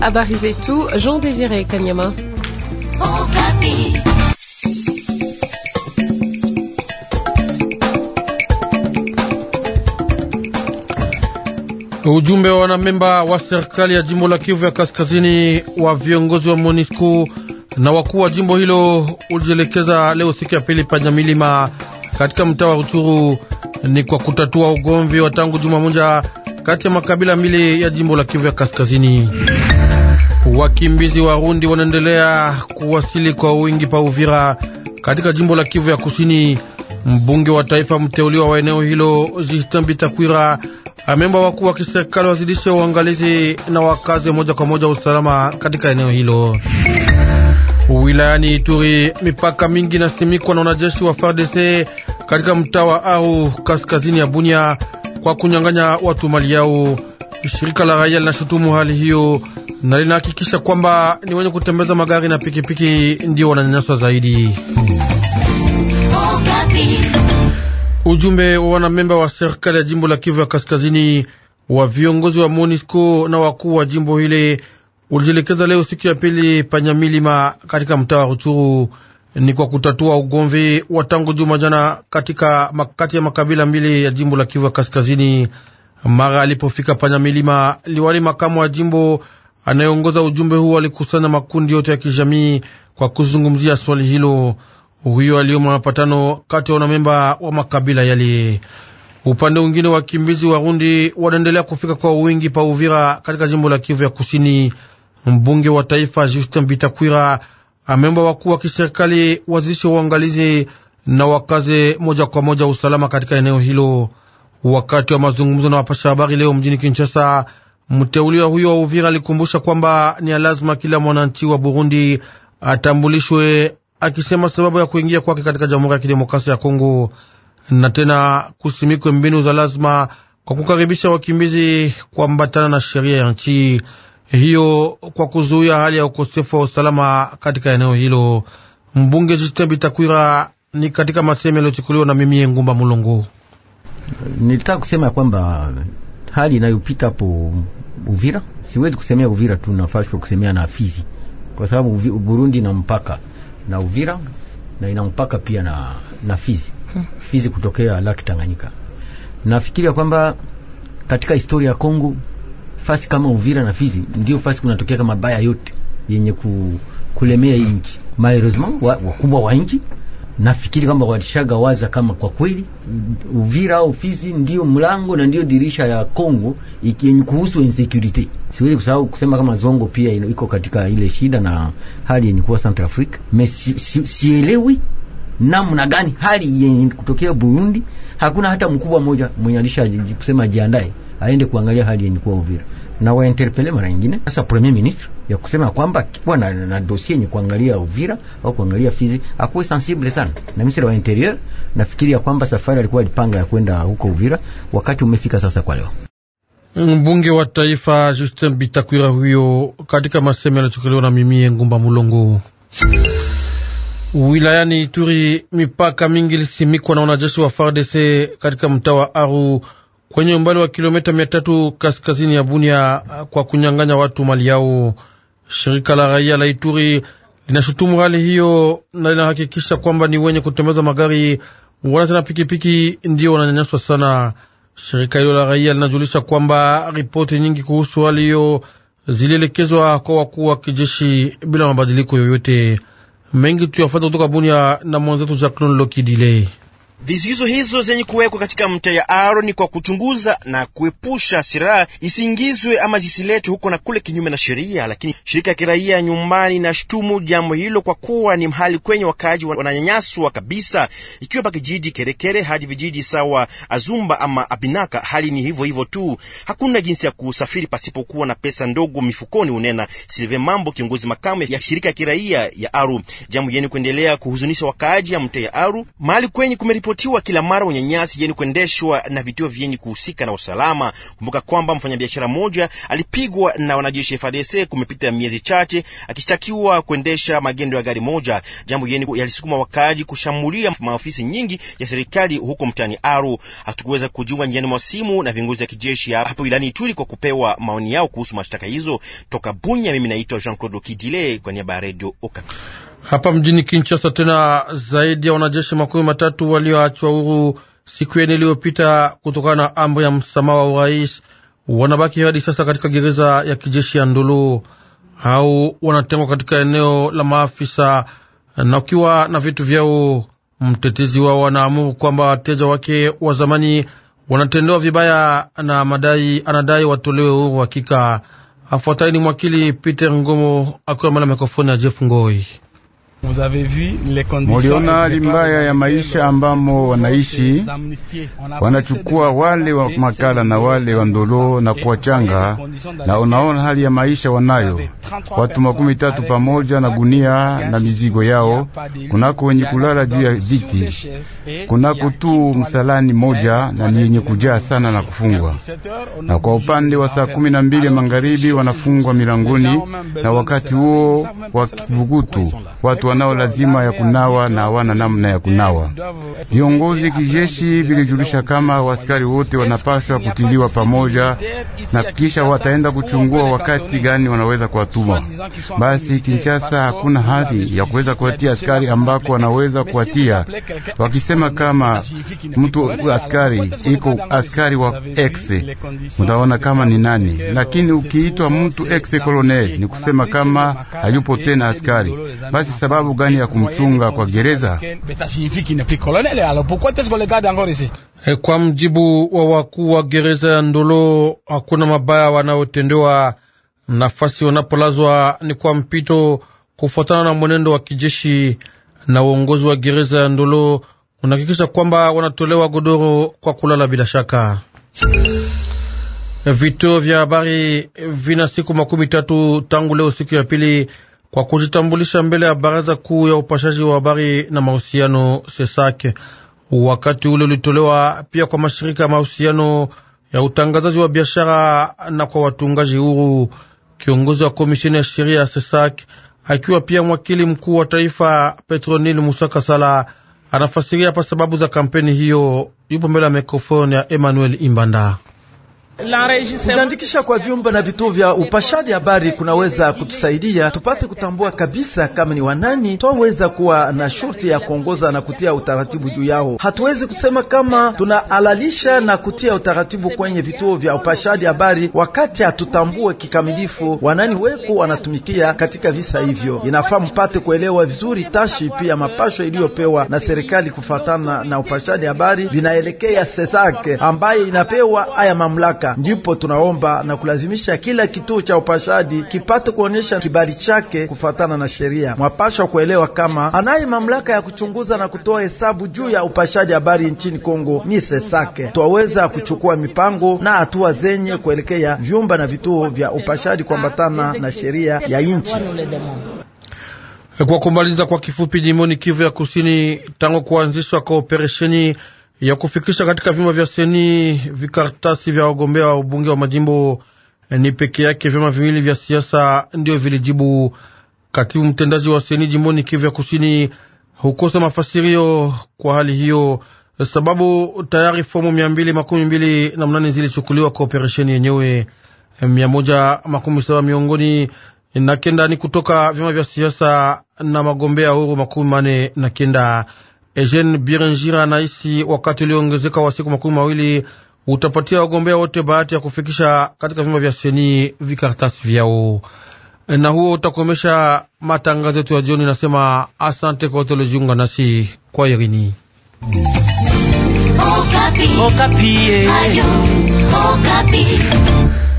Habari zetu Jean Désiré Kanyama. Okapi. Ujumbe wa wanamemba wa serikali ya jimbo la Kivu ya Kaskazini wa viongozi wa MONUSCO na wakuu wa jimbo hilo ulielekeza leo siku ya pili Panyamilima katika mtaa wa Ruchuru ni kwa kutatua ugomvi wa tangu juma moja kati ya makabila mbili ya jimbo la Kivu ya Kaskazini. Wakimbizi Warundi wanaendelea kuwasili kwa wingi pa Uvira katika jimbo la Kivu ya Kusini. Mbunge wa taifa mteuliwa wa eneo hilo Justin Takwira amemba wakuu wa kiserikali wazidishe uangalizi na wakaze moja kwa moja usalama katika eneo hilo. Wilayani Ituri, mipaka mingi inasimikwa na wanajeshi wa FARDC katika mtaa wa Aru kaskazini ya Bunia kwa kunyang'anya watu mali yao. Shirika la raia linashutumu hali hiyo na linahakikisha kwamba ni wenye kutembeza magari na pikipiki ndio wananyanyaswa zaidi. Ujumbe wa wanamemba wa serikali ya jimbo la Kivu ya Kaskazini, wa viongozi wa MONUSCO na wakuu wa jimbo hile ulijielekeza leo siku ya pili panyamilima katika mtaa wa Ruchuru ni kwa kutatua ugomvi wa tangu juma jana katika makati ya makabila mbili ya jimbo la Kivu ya Kaskazini. Mara alipofika panya milima, liwali makamu wa jimbo anayeongoza ujumbe huo alikusanya makundi yote ya kijamii kwa kuzungumzia swali hilo. Huyo aliomba mapatano kati ya wanamemba wa makabila yali. Upande mwingine, wakimbizi Warundi wanaendelea kufika kwa wingi pa Uvira katika jimbo la Kivu ya Kusini. Mbunge wa taifa Justin Bitakwira ameomba wakuu wa kiserikali wazidishe uangalizi na wakaze moja kwa moja usalama katika eneo hilo. Wakati wa mazungumzo na wapasha habari leo mjini Kinshasa, mteuliwa huyo wa Uvira alikumbusha kwamba ni lazima kila mwananchi wa Burundi atambulishwe, akisema sababu ya kuingia kwake katika Jamhuri ya Kidemokrasia ya Kongo, na tena kusimikwe mbinu za lazima kwa kukaribisha wakimbizi kuambatana na sheria ya nchi hiyo kwa kuzuia hali ya ukosefu wa usalama katika eneo hilo. Mbunge Jitembi Takwira ni katika maseme yaliyochukuliwa na mimi Ngumba Mulongo. Nilitaka kusema ya kwamba hali inayopita hapo Uvira, siwezi kusemea Uvira tu, nafasi kusemea na Fizi kwa sababu Burundi na mpaka na Uvira na ina mpaka pia na, na Fizi hmm. Fizi kutokea Laki Tanganyika. Nafikiria kwamba katika historia ya Kongo fasi kama Uvira na Fizi ndio fasi kunatokea kama baya yote yenye ku, kulemea hii nchi malheureusement, wakubwa wa, wa nchi nafikiri kwamba walishagawaza kama kwa kweli Uvira au Fizi ndio mlango na ndio dirisha ya Kongo yenye kuhusu insecurity. Siwezi kusahau kusema kama Zongo pia iko katika ile shida na hali yenye kuwa Central Africa, mesielewi si, si namna gani hali yenye kutokea Burundi, hakuna hata mkubwa mmoja mwenye alisha kusema jiandae aende kuangalia hali yenye kuwa Uvira na wainterpele mara nyingine sasa premier ministre ya kusema kwamba kwa na, na dosie yenye kuangalia Uvira au kuangalia Fizi akuwe sensible sana. Na ministre wa interior nafikiria kwamba safari alikuwa alipanga ya kwenda huko Uvira, wakati umefika sasa kwa leo. Mbunge wa taifa Justin Bitakwira huyo katika maseme yanachukuliwa na mimie Ngumba Mulongo Wilayani Ituri mipaka mingi ilisimikwa na wanajeshi wa FARDC katika mtaa wa Aru kwenye umbali wa kilomita mia tatu kaskazini ya Bunia kwa kunyang'anya watu mali yao. Shirika la raia la Ituri linashutumu hali hiyo na linahakikisha kwamba ni wenye kutembeza magari wanata na pikipiki ndio wananyanyaswa sana. Shirika hilo la raia linajulisha kwamba ripoti nyingi kuhusu hali hiyo zilielekezwa kwa wakuu wa kijeshi bila mabadiliko yoyote mengi tuyafata kutoka Bunia na mwenzetu Jacqueline Lokidile. Vizuizo hizo zenye kuwekwa katika mta ya Aroni kwa kuchunguza na kuepusha silaha isiingizwe ama zisiletwe huko na kule kinyume na sheria. Lakini shirika ya kiraia nyumbani na shtumu jambo hilo kwa kuwa ni mahali kwenye wakaaji wananyanyaswa kabisa, ikiwa kijiji Kerekere hadi vijiji sawa Azumba ama Abinaka. Hali ni hivyo hivyo tu, hakuna jinsi ya kusafiri pasipokuwa na pesa ndogo mifukoni, unena Silve Mambo, kiongozi makamu ya shirika ya kiraia ya Aru, jambo yeni kuendelea kuhuzunisha wakaaji ya mta ya Aru mahali kwenye kumeripo kuripotiwa kila mara unyanyasi yeni kuendeshwa na vituo vyenye kuhusika na usalama. Kumbuka kwamba mfanyabiashara mmoja alipigwa na wanajeshi FARDC kumepita miezi chache, akishtakiwa kuendesha magendo ya gari moja, jambo yeni yalisukuma wakaaji kushambulia maofisi nyingi ya serikali huko mtaani Aru. Hatukuweza kujiunga njiani mwa simu na viongozi ya kijeshi hapo ilani Ituri kwa kupewa maoni yao kuhusu mashtaka hizo. Toka Bunya, mimi naitwa Jean Claude Kidile kwa niaba ya Radio Okapi. Hapa mjini Kinshasa tena zaidi ya wanajeshi makumi matatu walioachwa huru siku yene iliyopita kutokana na amri ya msamaha wa urais wanabaki hadi sasa katika gereza ya kijeshi ya Ndulu au wanatengwa katika eneo la maafisa na ukiwa na vitu vyao. Mtetezi wao wanaamuru kwamba wateja wake wa zamani wanatendewa vibaya na madai, anadai watolewe huru hakika. Afuatai ni mwakili Peter Ngomo akiwa mbele ya mikrofoni ya Jeff Ngoi. Muliona hali mbaya ya maisha ambamo wanaishi, wanachukua wale wa makala na wale wa ndolo na kuwachanga, na unaona hali ya maisha wanayo watu makumi tatu pamoja na gunia na mizigo yao, kunako wenye kulala juu ya viti, kunako tu msalani moja na ni yenye kujaa sana na kufungwa. Na kwa upande wa saa kumi na mbili magharibi wanafungwa milangoni, na wakati huo wa kivugutu watu wanao lazima ya kunawa na hawana namna ya kunawa. Viongozi kijeshi vilijulisha kama waskari wote wanapashwa kutiliwa pamoja, na kisha wataenda kuchungua wakati gani wanaweza kuwatu kujituma. Basi Kinshasa hakuna hadhi ya kuweza kuwatia askari ambako wanaweza kuwatia, wakisema kama mtu askari iko askari wa x mtaona kama ni nani, lakini ukiitwa mtu x colonel ni kusema kama hayupo tena askari. Basi sababu gani ya kumchunga kwa gereza? Eh, kwa mjibu wa wakuu wa gereza ya Ndolo, hakuna mabaya wanaotendewa nafasi wanapolazwa ni kwa mpito kufuatana na mwenendo wa kijeshi, na uongozi wa gereza ya Ndolo unahakikisha kwamba wanatolewa godoro kwa kulala bila shaka. Vituo vya habari vina siku makumi tatu tangu leo, siku ya pili, kwa kujitambulisha mbele ya baraza kuu ya upashaji wa habari na mahusiano Sesake. Wakati ule ulitolewa pia kwa mashirika ya mahusiano ya utangazaji wa biashara na kwa watungaji huru. Kiongozi wa komisheni ya sheria ya SESAK akiwa pia mwakili mkuu wa taifa Petronil Musaka Sala anafasiria hapa sababu za kampeni hiyo. Yupo mbele ya mikrofoni ya Emmanuel Imbanda. Kujiandikisha kwa vyumba na vituo vya upashaji habari kunaweza kutusaidia tupate kutambua kabisa kama ni wanani twaweza kuwa na shurti ya kuongoza na kutia utaratibu juu yao. Hatuwezi kusema kama tunahalalisha na kutia utaratibu kwenye vituo vya upashaji habari wakati hatutambue kikamilifu wanani weko wanatumikia katika visa hivyo. Inafaa mpate kuelewa vizuri tashi pia mapasho iliyopewa na serikali kufatana na upashaji habari vinaelekea Sesake ambaye inapewa haya mamlaka Ndipo tunaomba na kulazimisha kila kituo cha upashaji kipate kuonyesha kibali chake kufatana na sheria. Mwapashwa kuelewa kama anaye mamlaka ya kuchunguza na kutoa hesabu juu ya upashaji habari nchini Kongo ni Sesake. Twaweza kuchukua mipango na hatua zenye kuelekea vyumba na vituo vya upashaji kuambatana na sheria ya nchi. Kwa kumaliza kwa kifupi, jimoni Kivu ya Kusini, tangu kuanzishwa kwa operesheni ya kufikisha katika vyama vya seni vikaratasi vya wagombea wa ubunge wa majimbo eh, ni peke yake vyama viwili vya siasa ndio vilijibu. Katibu mtendaji wa seni jimboni Kivu ya Kusini hukosa mafasirio kwa hali hiyo, sababu tayari fomu mia mbili makumi mbili na mnane zilichukuliwa kwa operesheni yenyewe, eh, mia moja makumi saba miongoni na kenda ni kutoka vyama vya siasa na magombea huru makumi manne na kenda Eugene Birenjira anaishi wakati uliongezeka wa siku makumi mawili utapatia wagombea wote bahati ya kufikisha katika vyumba vya seni vikaratasi vyao, na huo utakomesha matangazo yetu ya jioni. Nasema asante kwa wote waliojiunga nasi kwa irini Okapi. Okapi. Eh. Ayu, Okapi.